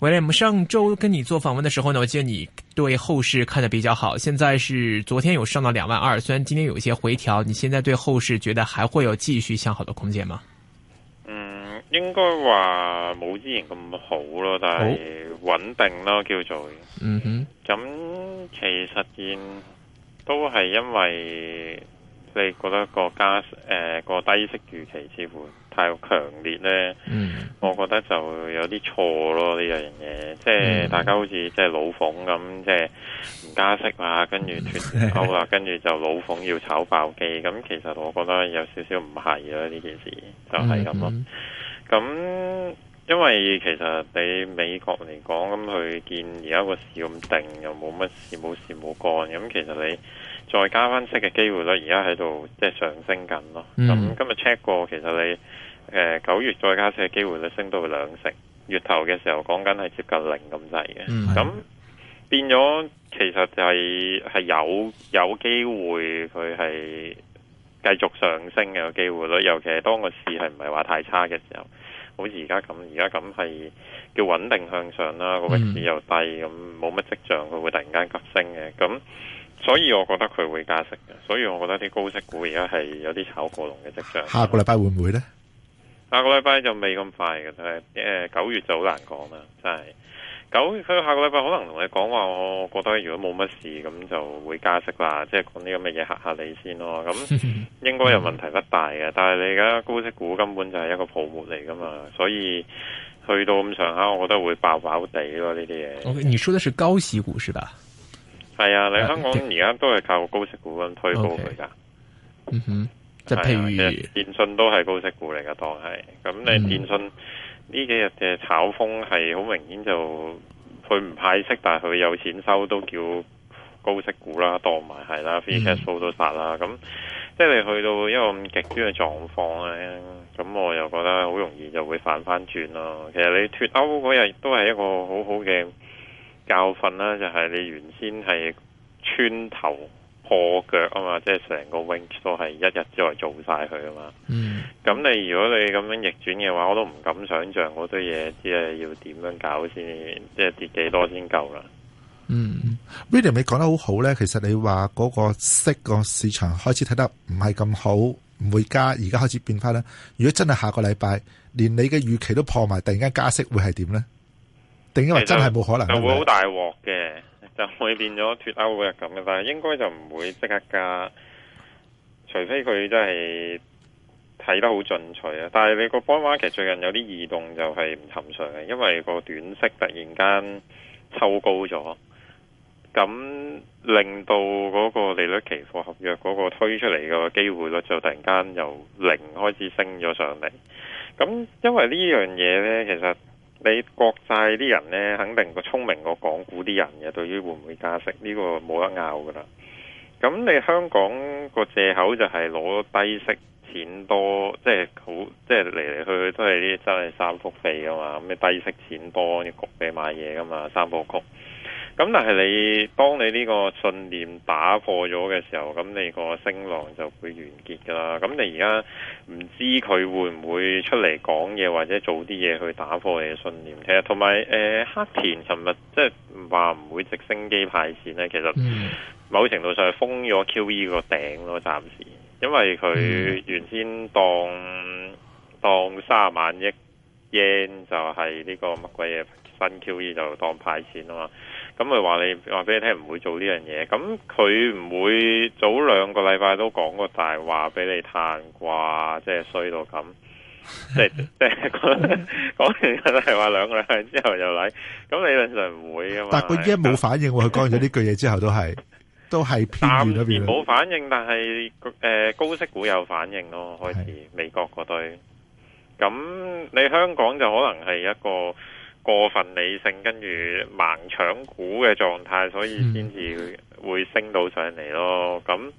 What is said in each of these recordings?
威廉，我們上周跟你做訪問的時候呢，我記得你對後市看得比較好。現在是昨天有上到兩萬二，雖然今天有一些回調，你現在對後市覺得還會有繼續向好的空間嗎？嗯，應該話冇之前咁好咯，但係穩定咯叫做。嗯哼，咁其實現都係因為。你覺得個加誒、呃那個低息預期似乎太過強烈咧？嗯，我覺得就有啲錯咯呢樣嘢，即係、嗯、大家好似、嗯、即係老鳳咁，即係唔加息啦，跟住斷鈎啦， 跟住就老鳳要炒爆機。咁其實我覺得有少少唔係啦，呢件事就係咁咯。咁因為其實你美國嚟講咁，佢見而家個市咁定，又冇乜事，冇事冇幹。咁其實你。再加翻息嘅機會率，而家喺度即係上升緊咯。咁、mm hmm. 今日 check 過，其實你誒九、呃、月再加息嘅機會率升到兩成。月頭嘅時候講緊係接近零咁滯嘅。咁、mm hmm. 變咗其實係、就、係、係、有有機會佢係繼續上升嘅機會率，尤其係當個市係唔係話太差嘅時候，好似而家咁。而家咁係叫穩定向上啦，個市又低咁，冇乜跡象，佢會突然間急升嘅咁。所以我覺得佢會加息嘅，所以我覺得啲高息股而家係有啲炒過龍嘅跡象，下會會下、呃。下個禮拜會唔會咧？下個禮拜就未咁快嘅，係誒九月就好難講啦，真係九佢下個禮拜可能同你講話，我覺得如果冇乜事咁就會加息啦，即係講啲咁嘅嘢吓吓你先咯。咁應該又問題不大嘅， 但係你而家高息股根本就係一個泡沫嚟噶嘛，所以去到咁上下，我覺得會爆爆地咯呢啲嘢。O、okay, K，你說的是高息股是吧？係啊，你香港而家都係靠高息股咁推高佢噶，okay. 嗯哼，即係譬如、啊、電信都係高息股嚟噶，當係咁你電信呢、嗯、幾日嘅炒風係好明顯，就佢唔派息，但係佢有錢收都叫高息股啦，當埋係啦，free cash flow 都殺啦，咁即係你去到一個咁極端嘅狀況咧，咁我又覺得好容易就會反翻轉咯。其實你脱歐嗰日都係一個好好嘅教訓啦，就係你原先係穿頭破腳啊嘛，即係成個 range 都係一日之內做晒佢啊嘛。咁、嗯、你如果你咁樣逆轉嘅話，我都唔敢想象好多嘢，即係要點樣搞先，即係跌幾多先夠啦。William，你講得好好咧。其實你話嗰個息，個市場開始睇得唔係咁好，唔會加，而家開始變翻咧。如果真係下個禮拜連你嘅預期都破埋，突然間加息會係點咧？點解真係冇可能？是就，吧就會好大鑊嘅，就會變咗脫歐日咁嘅。但係應該就唔會即刻加，除非佢真係睇得好進取啊！但係你個斑馬其實最近有啲異動就係唔尋常嘅，因為個短息突然間抽高咗，咁令到嗰個利率期貨合約嗰個推出嚟嘅機會率就突然間由零開始升咗上嚟。咁因為呢樣嘢呢，其實你國際啲人呢，肯定個聰明過港股啲人嘅，對於會唔會加息呢，這個冇得拗噶啦。咁你香港個藉口就係攞低，低息錢多，即係好，即係嚟嚟去去都係啲真係三幅被啊嘛。咁你低息錢多，你焗住買嘢噶嘛，三部曲。咁但係你當你呢個信念打破咗嘅時候，咁你個升浪就會完結噶啦。咁你而家唔知佢會唔會出嚟講嘢或者做啲嘢，去打破你嘅信念。其實同埋誒黑田尋日即係話唔會直升機派錢咧，其實某程度上係封咗 QE 個頂咯，暫時、e。因為佢原先當當三十萬億 yen 就係呢個乜鬼嘢，新 QE 就當派錢啊嘛。咁佢話你話俾你聽唔會做呢樣嘢，咁佢唔會早兩個禮拜都講個大話俾你嘆啩，即係衰到咁，即係即係講完大話兩個禮拜之後又嚟，咁理論上唔會啊嘛。但係佢依家冇反應喎，佢講完咗呢句嘢之後都係都係偏嗰邊。冇反應，但係誒高息股有反應咯，開始美國嗰堆。咁你香港就可能係一個。過分理性跟住盲搶股嘅狀態，所以先至會升到上嚟咯。咁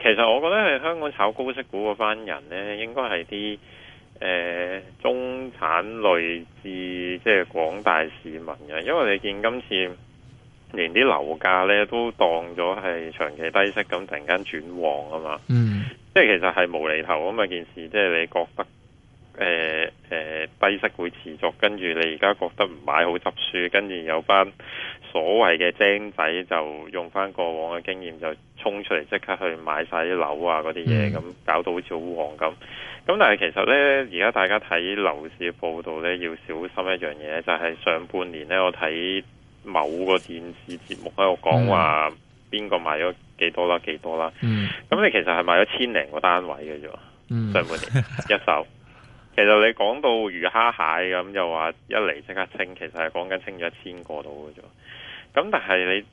其實我覺得係香港炒高息股嗰班人呢，應該係啲誒中產類至即係廣大市民嘅，因為你見今次連啲樓價呢都當咗係長期低息咁，突然間轉旺啊嘛。嗯，即係其實係無厘頭咁嘅件事，即係你覺得。誒誒、呃呃，低息會持續，跟住你而家覺得唔買好執輸，跟住有班所謂嘅精仔就用翻過往嘅經驗就衝出嚟，即刻去買晒啲樓啊嗰啲嘢，咁搞到好似好旺咁。咁但係其實呢，而家大家睇樓市嘅報道呢，要小心一樣嘢，就係、是、上半年呢，我睇某個電視節目喺度講話邊個買咗幾多啦，幾多啦，咁、嗯、你其實係買咗千零個單位嘅啫，嗯、上半年一手。 其實你講到魚蝦蟹咁，又話一嚟即刻清，其實係講緊清咗一千個度嘅啫。咁但係你。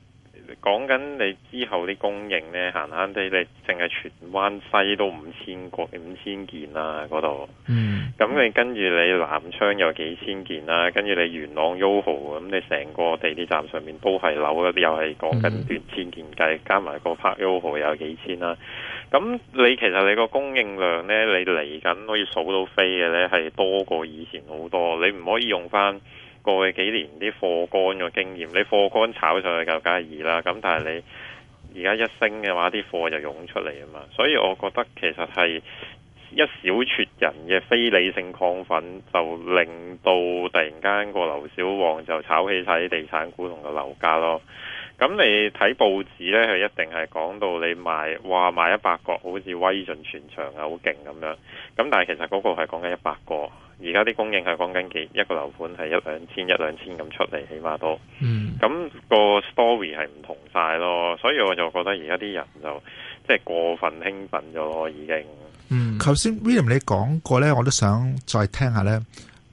講緊你之後啲供應呢，閒閒哋你淨係荃灣西都五千個五千件啦、啊，嗰度。嗯。咁你跟住你南昌有幾千件啦、啊，跟住你元朗 YOHO 咁，你成個地鐵站上面都係樓，又係講緊幾千件計，mm. 加埋個 Park YOHO 有幾千啦、啊。咁你其實你個供應量呢，你嚟緊可以數到飛嘅呢，係多過以前好多。你唔可以用翻。過去幾年啲貨乾咗經驗，你貨乾炒上去就梗係易啦。咁但係你而家一升嘅話，啲貨就湧出嚟啊嘛。所以我覺得其實係一小撮人嘅非理性亢奮，就令到突然間個樓小旺就炒起晒啲地產股同個樓價咯。咁你睇報紙咧，佢一定係講到你買，話買一百個，好似威盡全場啊，好勁咁樣。咁但係其實嗰個係講緊一百個，而家啲供應係講緊幾一個樓盤係一兩千、一兩千咁出嚟，起碼都。嗯。咁個 story 係唔同晒咯，所以我就覺得而家啲人就即係過分興奮咗，已經。嗯。頭先 William 你講過咧，我都想再聽下咧。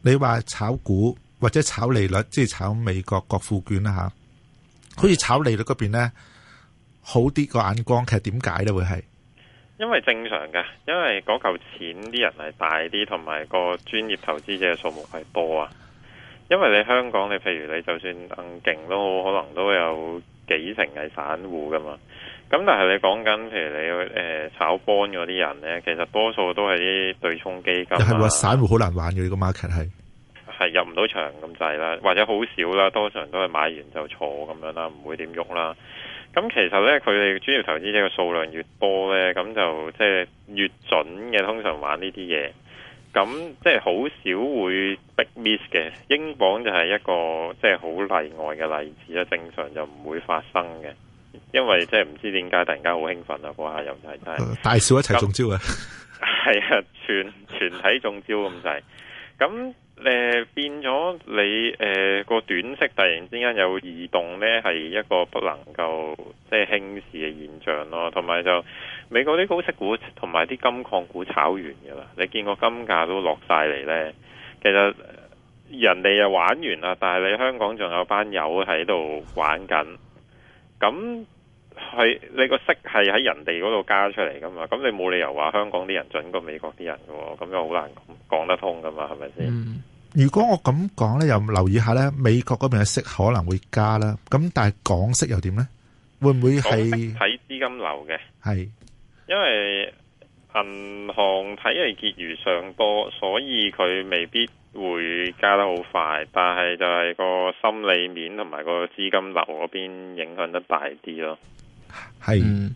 你話炒股或者炒利率，即係炒美國國庫券啦嚇。啊。好似炒利率嗰邊咧，好啲個眼光，其實點解咧會係？因為正常嘅，因為嗰嚿錢啲人係大啲，同埋個專業投資者嘅數目係多啊。因為你香港，你譬如你就算咁勁都，可能都有幾成係散戶噶嘛。咁但係你講緊，譬如你誒炒 Bond 嗰啲人咧，其實多數都係啲對沖基金，啊。就係話散戶好難玩嘅呢，這個 market 係。係入唔到場咁滯啦，或者好少啦，多數人都係買完就坐咁樣啦，唔會點喐啦。咁其實咧，佢哋專業投資者嘅數量越多咧，咁就即係越準嘅。通常玩呢啲嘢，咁即係好少會 big miss 嘅。英鎊就係一個即係好例外嘅例子啦，正常就唔會發生嘅，因為即係唔知點解突然間好興奮啊，嗰下又唔係真係，但大少一齊中招啊那！係 啊，全全體中招咁滯咁。誒、呃，變咗你誒、呃、個短息突然之間有異動，呢係一個不能夠即係輕視嘅現象咯。同埋就美國啲高息股同埋啲金礦股炒完噶啦，你見個金價都落晒嚟，呢。其實人哋又玩完啦，但係你香港仲有班友喺度玩緊。咁係你個息係喺人哋嗰度加出嚟噶嘛？咁你冇理由話香港啲人，人準過美國啲人噶，咁又好難講得通噶嘛？係咪先？嗯如果我咁講咧，又留意下咧，美國嗰邊嘅息可能會加啦。咁但係港息又點咧？會唔會係睇資金流嘅？係是，因為銀行體系結餘上多，所以佢未必會加得好快。但係就係個心理面同埋個資金流嗰邊影響得大啲咯。係是。嗯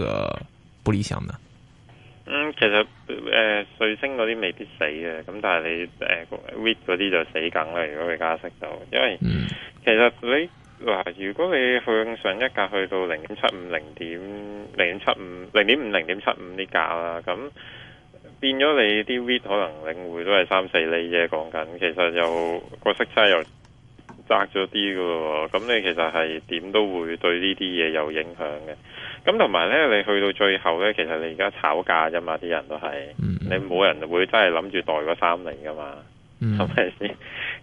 個不理想嘅，嗯，其實誒，瑞、呃、星嗰啲未必死嘅，咁但係你誒，wit 嗰啲就死梗啦，如果佢加息到，因為其實你嗱、呃，如果你向上一格去到零點七五、零點零點七五、零點五、零點七五呢格啦，咁變咗你啲 wit 可能領匯都係三四厘嘅，講緊其實有個息差又。窄咗啲㗎喎，咁你其實係點都會對呢啲嘢有影響嘅。咁同埋呢，你去到最後呢，其實你而家炒價啫嘛，啲人都係，嗯嗯你冇人會真係諗住袋嗰三厘㗎嘛，係咪先？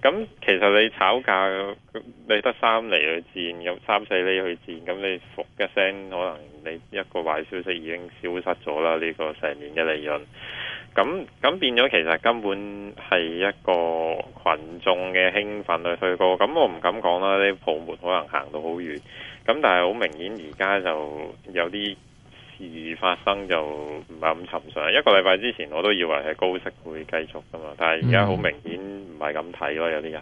咁、 嗯、其實你炒價，你得三厘去戰，有三,三四厘去戰，咁你服一聲，可能你一個壞消息已經消失咗啦，呢、呢個成年嘅利潤。咁咁變咗，其實根本係一個群眾嘅興奮去推高。咁我唔敢講啦，啲泡沫可能行到好遠，咁但係好明顯而家就有啲事發生，就唔係咁尋常，一個禮拜之前我都以為係高息會繼續㗎嘛，但係而家好明顯唔係咁睇咯，有啲人。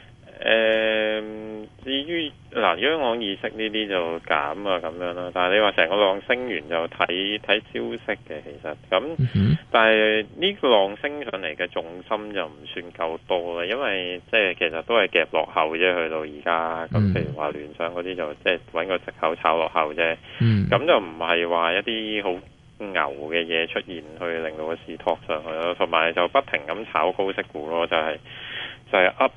誒、嗯，至於嗱，央行意識呢啲就減啊，咁樣啦。但係你話成個浪升完就睇睇消息嘅，其實咁。嗯、哼但係呢、這個浪升上嚟嘅重心就唔算夠多嘅，因為即係其實都係夾落後啫，去到而家。咁譬、嗯、如話聯想嗰啲就即係搵個借口炒落後啫。咁、嗯、就唔係話一啲好牛嘅嘢出現去令到個市托上去咯，同埋就不停咁炒高息股咯，就係、是、就係、是就是、up。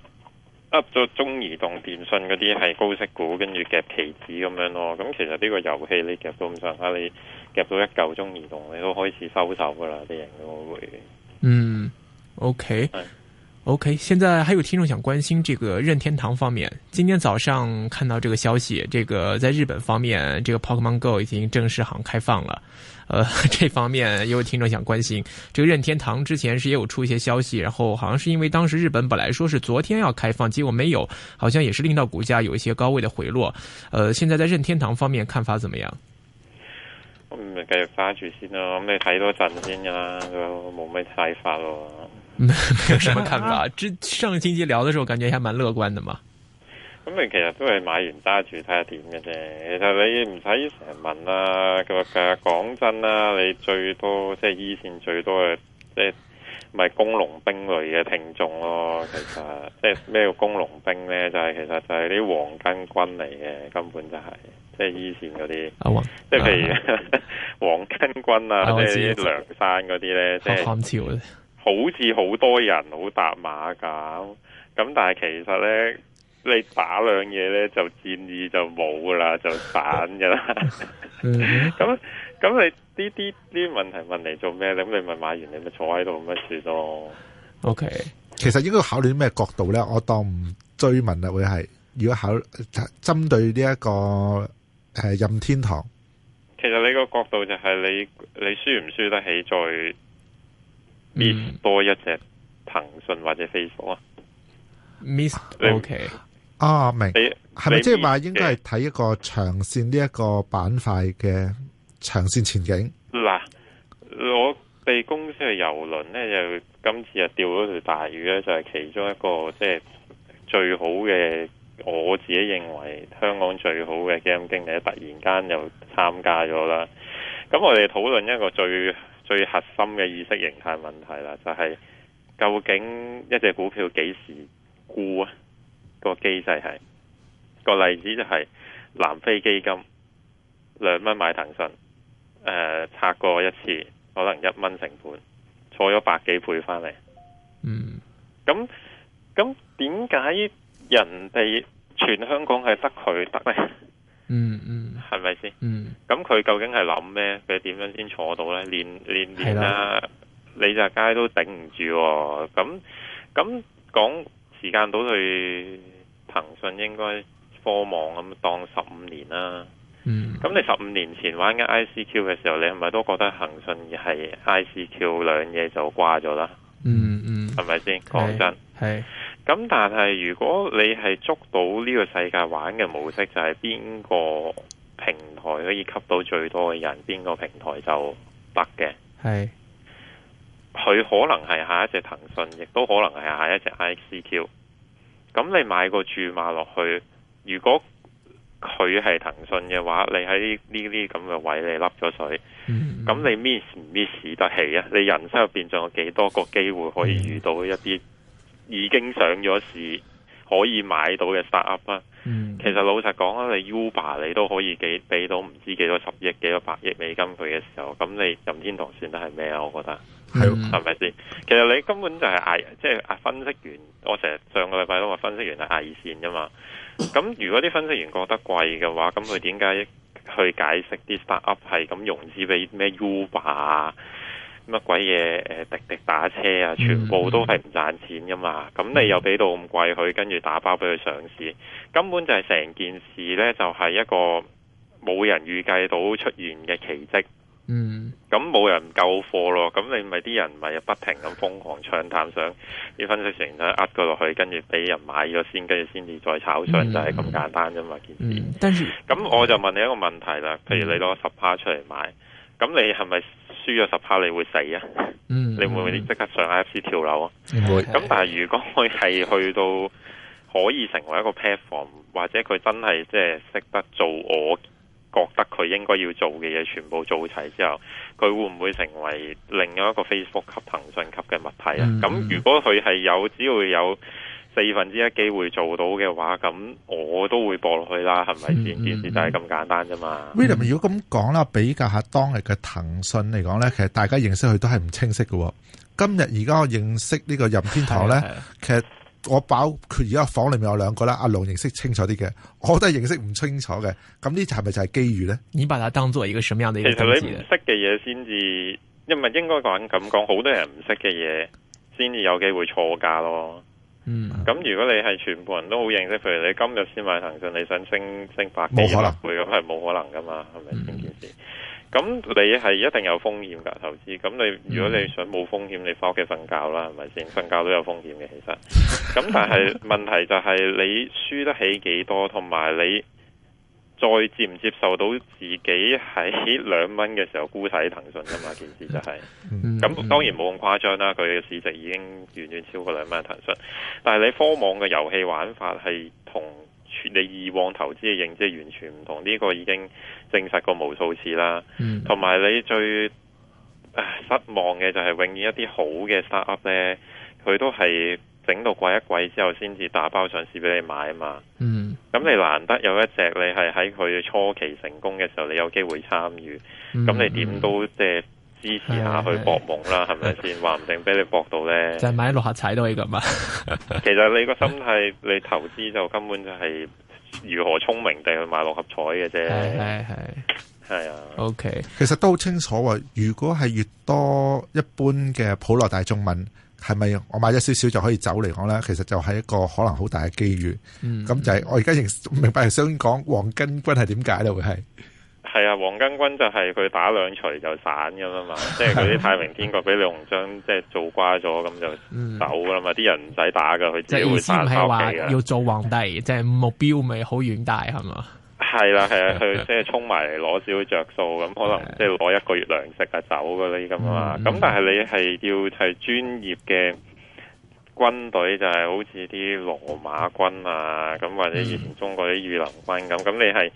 握咗中移動電信嗰啲係高息股，跟住夾期指咁樣咯。咁其實呢個遊戲你夾到咁上下，你夾到一嚿中移動，你都開始收手㗎喇，啲人都會。嗯，OK。OK，現在還有聽眾想關心這個任天堂方面。今天早上看到這個消息，這個在日本方面，這個 Pokemon Go 已經正式行開放了。呃，這方面也有聽眾想關心這個任天堂之前是也有出一些消息，然後好像是因為當時日本本來說是昨天要開放，結果沒有，好像也是令到股價有一些高位的回落。呃，現在在任天堂方面看法怎麼樣？我們繼續揸住先咯，咁你睇多陣先噶、啊、啦，冇咩睇法咯。有冇 什麼看法。之上個星期聊的時候，感覺還蠻樂觀的嘛。咁你其實都係買完揸住睇下點嘅啫。其實你唔使成日問啦、啊。佢話講真啦，你最多即係一綫最多嘅，即係咪工農兵類嘅聽眾咯。其實即係咩叫工農兵咧？就係其實就係啲黃巾軍嚟嘅，根本就係、是、即係一綫嗰啲。啊黃，即係譬如黃巾軍啊，啊即係梁山嗰啲咧，即係漢朝。好似好多人好搭馬咁，咁但係其實呢，你打兩嘢呢，就戰意就冇噶啦，就散噶啦。咁咁你啲啲啲問題問嚟做咩咧？咁你問馬元，你咪坐喺度乜事囉？OK，其實應該考慮咩角度呢？我當唔追問啦，會係如果考針對呢、這、一個誒、呃、任天堂，其實你個角度就係你你輸唔輸得起再。面、嗯、多一隻騰訊或者 Facebook 啊？Miss OK 啊，明係咪即係話應該係睇一個長線呢一個板塊嘅長線前景？嗱、啊，我哋公司嘅遊輪咧，就今次又釣咗條大魚咧，就係、是、其中一個即係、就是、最好嘅，我自己認為香港最好嘅基金經理突然間又參加咗啦。咁我哋討論一個最。最核心嘅意識形態問題啦，就係、是、究竟一隻股票幾時沽啊？個機制係個例子，就係南非基金兩蚊買騰訊，誒、呃、拆過一次，可能一蚊成本，坐咗百幾倍翻嚟，嗯嗯。嗯，咁咁點解人哋全香港係得佢得呢？嗯嗯。係咪先？是是嗯，咁佢究竟係諗咩？佢點樣先坐到呢？練練練啦，李澤楷都頂唔住。咁咁講時間到去騰訊，應該科網咁當十五年啦。嗯，咁、嗯嗯、你十五年前玩緊 ICQ 嘅時候，你係咪都覺得騰訊係 ICQ 兩嘢就掛咗啦？嗯嗯，係咪先？講真係。咁但係如果你係捉到呢個世界玩嘅模式，就係邊個？平台可以吸到最多嘅人，邊個平台就得嘅。係是，佢可能係下一隻騰訊，亦都可能係下一隻 ICQ。咁你買個注碼落去，如果佢係騰訊嘅話，你喺呢啲咁嘅位你笠咗水，咁、嗯嗯、你 miss 唔 miss 得起啊？你人生入邊仲有幾多個機會可以遇到一啲已經上咗市？可以買到嘅 startup 啦、嗯，其實老實講啦，你 Uber 你都可以俾俾到唔知幾多十億、幾多百億美金佢嘅時候，咁你任天堂算得係咩啊？我覺得係，係咪先？其實你根本就係、是、壓，即、就、係、是、分析員。我成日上個禮拜都話分析員係壓線噶嘛。咁如果啲分析員覺得貴嘅話，咁佢點解去解釋啲 startup 係咁融資俾咩 Uber 啊？乜鬼嘢？誒、呃、滴滴打車啊，全部都係唔賺錢噶嘛。咁、mm hmm. 你又俾到咁貴佢，跟住打包俾佢上市，根本就係成件事呢，就係、是、一個冇人預計到出現嘅奇蹟。嗯、mm，咁、hmm. 冇人夠貨咯。咁你咪啲人咪又不停咁瘋狂唱淡想啲分析成呃佢落去，跟住俾人買咗先，跟住先至再炒上，mm hmm. 就係咁簡單啫嘛件事。嗯、mm，咁、hmm. 我就問你一個問題啦。譬如你攞十趴出嚟買。咁你係咪輸咗十趴你會死啊？嗯、mm，hmm. 你會唔會即刻上 IFC 跳樓啊？唔會、mm。咁、hmm. 但係如果佢係去到可以成為一個 platform 或者佢真係即係識得做，我覺得佢應該要做嘅嘢全部做齊之後，佢會唔會成為另一個 Facebook 級騰訊級嘅物體啊？咁、mm hmm. 如果佢係有，只要有。四分之一機會做到嘅話，咁我都會博落去啦，係咪先？嗯、件事就係咁簡單啫嘛。William，如果咁講啦，比較下當日嘅騰訊嚟講咧，其實大家認識佢都係唔清晰嘅。今日而家我認識呢個任天堂咧，是是是其實我包括而家房裏面有兩個啦。阿龍認識清楚啲嘅，我都係認識唔清楚嘅。咁呢，係咪就係機遇咧？你把它當作一個什麼樣嘅？其實你唔識嘅嘢先至，因唔係應該講咁講，好多人唔識嘅嘢先至有機會錯價咯。嗯，咁如果你係全部人都好認識，譬如你今日先買騰訊，你想升升百幾，冇可能，咁係冇可能噶嘛，係咪先件事？咁、嗯、你係一定有風險噶投資，咁你如果你想冇風險，你翻屋企瞓覺啦，係咪先？瞓覺都有風險嘅，其實，咁但係問題就係你輸得起幾多，同埋你。再接唔接受到自己喺兩蚊嘅時候沽曬騰訊㗎嘛？件事就係、是，咁、 嗯、當然冇咁誇張啦。佢嘅市值已經遠遠超過兩蚊騰訊，但係你科網嘅遊戲玩法係同你以往投資嘅認知完全唔同。呢、這個已經證實過無數次啦。同埋、嗯、你最失望嘅就係永遠一啲好嘅 startup 咧，佢都係整到貴一貴之後先至打包上市俾你買啊嘛。嗯咁你難得有一隻你係喺佢初期成功嘅時候，你有機會參與。咁、嗯、你點都即係支持下去博懵啦，係咪先？話唔定俾你博到呢？就買六合彩都係咁啊！ 其實你個心態，你投資就根本就係如何聰明地去買六合彩嘅啫。係係係啊。OK，其實都好清楚喎。如果係越多一般嘅普羅大眾民。係咪我買咗少少就可以走嚟講咧？其實就係一個可能好大嘅機遇。咁、嗯、就係我而家明明白係想講黃巾軍係點解咯？係係啊，黃巾軍就係佢打兩錘就散咁啊嘛， 即係佢啲太平天國俾李鴻章即係做瓜咗，咁就走啦嘛。啲、嗯、人唔使打噶，佢即係意思唔係話要做皇帝，即係的目標咪好遠大係嘛？係啦，係啊、yeah, yeah，去即係沖埋嚟攞少少着數咁，可能即係攞一個月糧食啊走嗰啲咁啊，咁但係你係要係專業嘅軍隊，就係好似啲羅馬軍啊，咁或者以前中國啲御林軍咁，咁你係。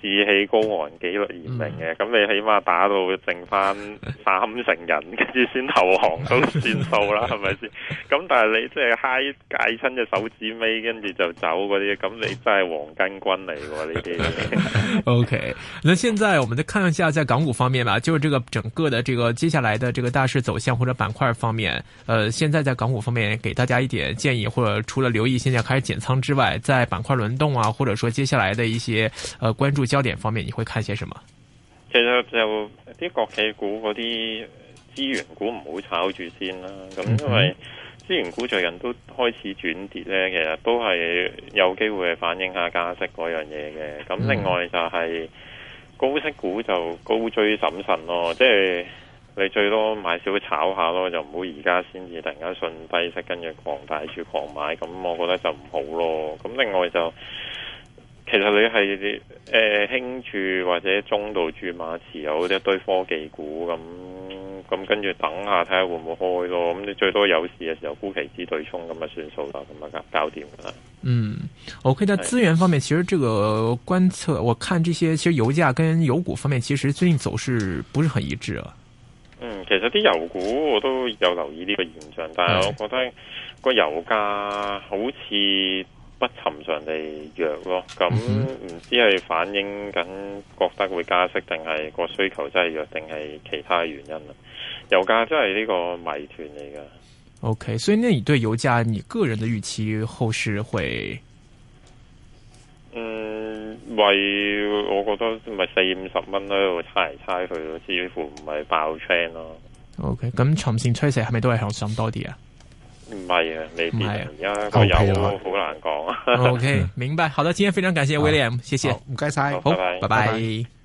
士氣高昂、紀律嚴明嘅，咁你起碼打到剩翻三五成人，跟住先投降都算數啦，係咪先？咁但係你即係嗨，戒親隻手指尾，跟住就走嗰啲，咁你真係黃巾軍嚟喎呢啲。O K，那現在我們再看一下在港股方面啦，就是這個整個的這個接下來的這個大勢走向或者板塊方面，呃，現在在港股方面給大家一點建議，或者除了留意現在開始減倉之外，在板塊輪動啊，或者說接下來的一些呃關注。焦點方面，你會看些什麼？其實就啲國企股嗰啲資源股唔好炒住先啦。咁、嗯、哼因為資源股最近都開始轉跌咧，其實都係有機會係反映下加息嗰樣嘢嘅。咁另外就係高息股就高追審慎咯，即係你最多買少炒下咯，就唔好而家先至突然間順低息跟住狂大住狂買，咁我覺得就唔好咯。咁另外就。其實你係誒輕注或者中度注碼持有一堆科技股咁，咁、嗯嗯，跟住等下睇下會唔會開咯。咁你最多有事嘅時候沽期指對沖咁啊算數啦，咁啊搞掂啦。嗯，OK。但資源方面，其實這個觀測，是我看這些，其實油價跟油股方面，其實最近走勢不是很一致啊。嗯，其實啲油股我都有留意呢個現象，但係我覺得個油價好似。不尋常地弱咯，咁、嗯、唔知係反映緊覺得會加息，定係個需求真係弱，定係其他原因啦。油價真係呢個謎團嚟噶。OK，所以呢，而對油價你個人嘅預期後市會？嗯，咪我覺得咪四五十蚊咧，猜嚟猜去，似乎唔係爆 chain 咯。OK，咁長線趨勢係咪都係向上多啲啊？唔係啊，未必，而家各有好難講。OK，明白，好的，今天非常感謝 William，謝謝，唔該晒，好，拜拜。